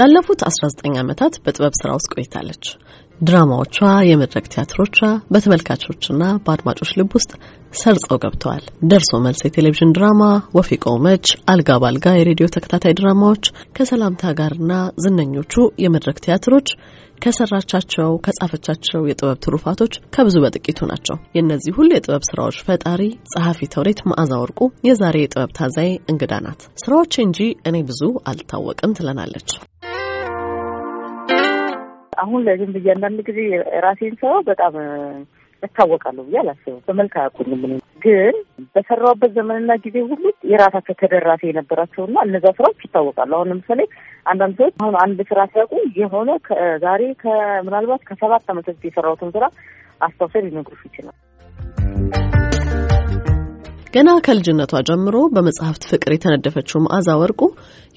ላለፉት 19 ዓመታት በጥበብ ስራ ውስጥ ቆይታለች። ድራማዎቿ፣ የመድረክ ቲያትሮቿ በተመልካቾችና በአድማጮች ልብ ውስጥ ሰርጸው ገብተዋል። ደርሶ መልስ የቴሌቪዥን ድራማ፣ ወፌ ቆመች፣ አልጋ ባልጋ የሬዲዮ ተከታታይ ድራማዎች፣ ከሰላምታ ጋርና ዝነኞቹ የመድረክ ቲያትሮች ከሰራቻቸው ከጻፈቻቸው የጥበብ ትሩፋቶች ከብዙ በጥቂቱ ናቸው። የእነዚህ ሁሉ የጥበብ ስራዎች ፈጣሪ ጸሐፊ ተውሬት መዓዛ ወርቁ የዛሬ የጥበብ ታዛይ እንግዳ ናት። ስራዎች እንጂ እኔ ብዙ አልታወቅም ትለናለች። አሁን ለዝም ብዬ አንዳንድ ጊዜ ራሴን ሰው በጣም እታወቃለሁ ብዬ አላስብም። በመልክ አያውቁኝም። ግን በሰራሁበት ዘመንና ጊዜ ሁሉ የራሳቸው ተደራሴ የነበራቸውና እነዛ ስራዎች ይታወቃሉ። አሁን ለምሳሌ አንዳንድ ሰዎች አሁን አንድ ስራ ሲያውቁ የሆነ ዛሬ ምናልባት ከሰባት ዓመት በፊት የሰራሁትን ስራ አስታውሰን ሊነግሩሽ ይችላል። ገና ከልጅነቷ ጀምሮ በመጽሐፍት ፍቅር የተነደፈችው መዓዛ ወርቁ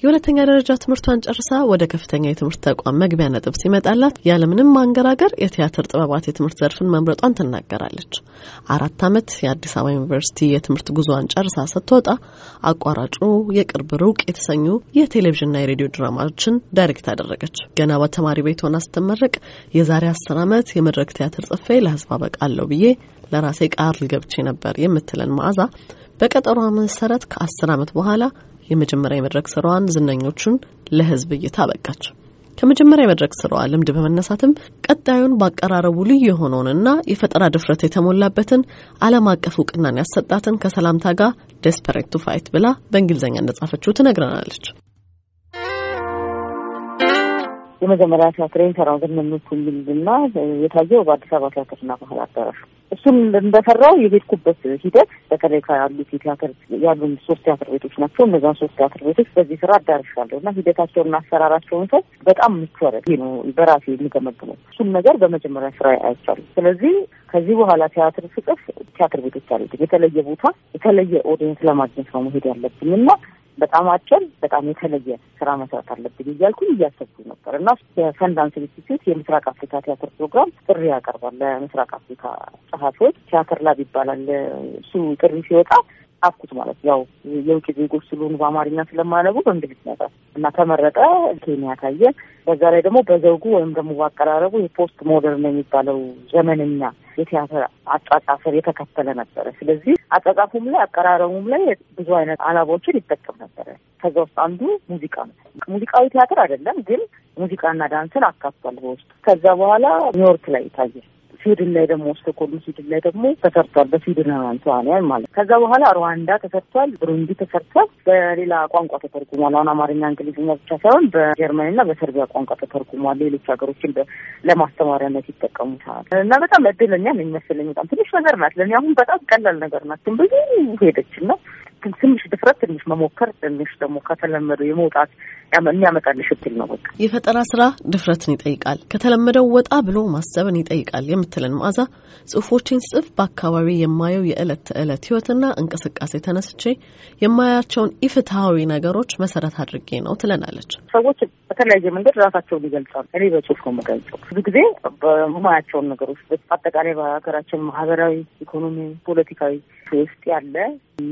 የሁለተኛ ደረጃ ትምህርቷን ጨርሳ ወደ ከፍተኛ የትምህርት ተቋም መግቢያ ነጥብ ሲመጣላት ያለምንም ማንገራገር የቲያትር ጥበባት የትምህርት ዘርፍን መምረጧን ትናገራለች። አራት ዓመት የአዲስ አበባ ዩኒቨርሲቲ የትምህርት ጉዞዋን ጨርሳ ስትወጣ አቋራጩ የቅርብ ሩቅ የተሰኙ የቴሌቪዥንና የሬዲዮ ድራማዎችን ዳይሬክት አደረገች። ገና በተማሪ ቤት ሆና ስትመረቅ የዛሬ አስር ዓመት የመድረክ ቲያትር ጽፌ ለህዝብ አበቃለሁ ብዬ ለራሴ ቃል ገብቼ ነበር የምትለን መዓዛ በቀጠሯ መሰረት ከአስር ዓመት በኋላ የመጀመሪያ የመድረክ ስራዋን ዝነኞቹን ለህዝብ እይታ አበቃች። ከመጀመሪያ የመድረክ ስራዋ ልምድ በመነሳትም ቀጣዩን በአቀራረቡ ልዩ የሆነውንና የፈጠራ ድፍረት የተሞላበትን ዓለም አቀፍ እውቅናን ያሰጣትን ከሰላምታ ጋር ዴስፐሬት ቱ ፋይት ብላ በእንግሊዝኛ እንደጻፈችው ትነግረናለች። የመጀመሪያ ቲያትር የሰራው ዘመኖቹ የሚልና የታየው በአዲስ አበባ ቲያትርና ባህል አዳራሽ እሱን እንደሰራው የሄድኩበት ሂደት በተለይ ካሉት የቲያትር ያሉን ሶስት ቲያትር ቤቶች ናቸው። እነዛን ሶስት ቲያትር ቤቶች በዚህ ስራ አዳርሻለሁ እና ሂደታቸውና አሰራራቸውን ሰው በጣም ምቸረት ነው በራሴ የሚገመግመው እሱን ነገር በመጀመሪያ ስራ አይቻሉ። ስለዚህ ከዚህ በኋላ ቲያትር ስጽፍ ቲያትር ቤቶች አሉ የተለየ ቦታ የተለየ ኦዲየንስ ለማግኘት ነው መሄድ ያለብኝ እና በጣም አጭር በጣም የተለየ ስራ መስራት አለብኝ እያልኩኝ እያሰብኩ ነበር እና የሰንዳንስ ኢንስቲትዩት የምስራቅ አፍሪካ ቲያትር ፕሮግራም ጥሪ ያቀርባል ለምስራቅ አፍሪካ ጸሐፊዎች ቲያትር ላብ ይባላል። እሱ ጥሪ ሲወጣ አኩት ማለት ያው የውጭ ዜጎች ስለሆኑ በአማርኛ ስለማያነቡ በእንግሊዝ ነበር እና ተመረጠ። ኬንያ ታየ። በዛ ላይ ደግሞ በዘውጉ ወይም ደግሞ በአቀራረቡ የፖስት ሞደርን የሚባለው ዘመንኛ የቲያትር አጻጻፍን የተከተለ ነበረ። ስለዚህ አጻጻፉም ላይ አቀራረቡም ላይ ብዙ አይነት አላባዎችን ይጠቀም ነበረ። ከዛ ውስጥ አንዱ ሙዚቃ ነው። ሙዚቃዊ ቲያትር አይደለም ግን ሙዚቃና ዳንስን አካቷል በውስጡ። ከዛ በኋላ ኒውዮርክ ላይ ይታየ ስዊድን ላይ ደግሞ ስቶኮልም ስዊድን ላይ ደግሞ ተሰርቷል። በስዊድናውያን ተዋንያን ማለት ከዛ በኋላ ሩዋንዳ ተሰርቷል፣ ብሩንዲ ተሰርቷል። በሌላ ቋንቋ ተተርጉሟል። አሁን አማርኛ፣ እንግሊዝኛ ብቻ ሳይሆን በጀርመንና በሰርቢያ ቋንቋ ተተርጉሟል። ሌሎች ሀገሮችን ለማስተማሪያነት ይጠቀሙታል። እና በጣም እድለኛ ነው ይመስለኝ። በጣም ትንሽ ነገር ናት ለእኔ አሁን በጣም ቀላል ነገር ናት። ብዙ ሄደች ነው ግን ትንሽ ድፍረት፣ ትንሽ መሞከር፣ ትንሽ ደግሞ ከተለመደው የመውጣት የሚያመጣልሽ እድል ነው። በቃ የፈጠራ ስራ ድፍረትን ይጠይቃል፣ ከተለመደው ወጣ ብሎ ማሰብን ይጠይቃል የምትለን መዓዛ ጽሁፎችን ጽፍ በአካባቢ የማየው የዕለት ተዕለት ህይወትና እንቅስቃሴ ተነስቼ የማያቸውን ኢፍትሐዊ ነገሮች መሰረት አድርጌ ነው ትለናለች። ሰዎች በተለያየ መንገድ ራሳቸውን ይገልጻሉ። እኔ በጽሁፍ ነው የምገልጸው። ብዙ ጊዜ በማያቸውን ነገሮች አጠቃላይ በሀገራችን ማህበራዊ፣ ኢኮኖሚ፣ ፖለቲካዊ ውስጥ ያለ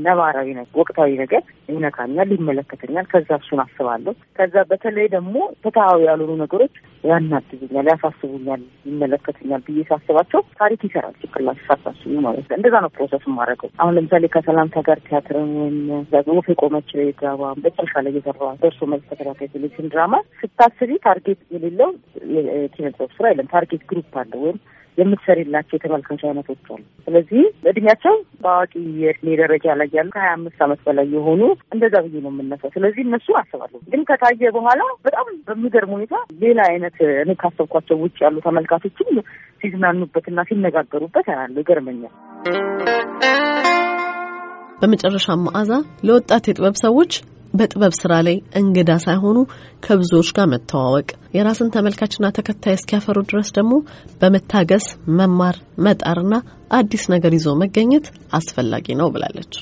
ነባራዊ ነገር ወቅታዊ ነገር ይነካኛል፣ ይመለከተኛል። ከዛ እሱን አስባለሁ። ከዛ በተለይ ደግሞ ፍትሐዊ ያልሆኑ ነገሮች ያናድቡኛል፣ ያሳስቡኛል፣ ይመለከተኛል ብዬ ሳስባቸው ታሪክ ይሰራል ጭንቅላት ሳሳስቡ ማለት ነው። እንደዛ ነው ፕሮሰስ ማድረገው። አሁን ለምሳሌ ከሰላምታ ጋር ቲያትርን ወይም ወፍ የቆመች ጋባ በጨረሻ ላይ የሰራ ደርሶ መልስ ተከታታይ ቴሌቪዥን ድራማ ስታስቢ ታርጌት የሌለው የኪነ ስራ የለም። ታርጌት ግሩፕ አለ ወይም የምትሰሪላቸው የተመልካች አይነቶች አሉ። ስለዚህ እድሜያቸው በአዋቂ የእድሜ ደረጃ ላይ ያሉ ከሀያ አምስት ዓመት በላይ የሆኑ እንደዛ ብዬ ነው የምነሳው። ስለዚህ እነሱ አስባለሁ። ግን ከታየ በኋላ በጣም በሚገርም ሁኔታ ሌላ አይነት እኔ ካሰብኳቸው ውጭ ያሉ ተመልካቾችም ሲዝናኑበትና ሲነጋገሩበት ያሉ ይገርመኛል። በመጨረሻ መዓዛ ለወጣት የጥበብ ሰዎች በጥበብ ስራ ላይ እንግዳ ሳይሆኑ ከብዙዎች ጋር መተዋወቅ፣ የራስን ተመልካችና ተከታይ እስኪያፈሩ ድረስ ደግሞ በመታገስ መማር፣ መጣርና አዲስ ነገር ይዞ መገኘት አስፈላጊ ነው ብላለች።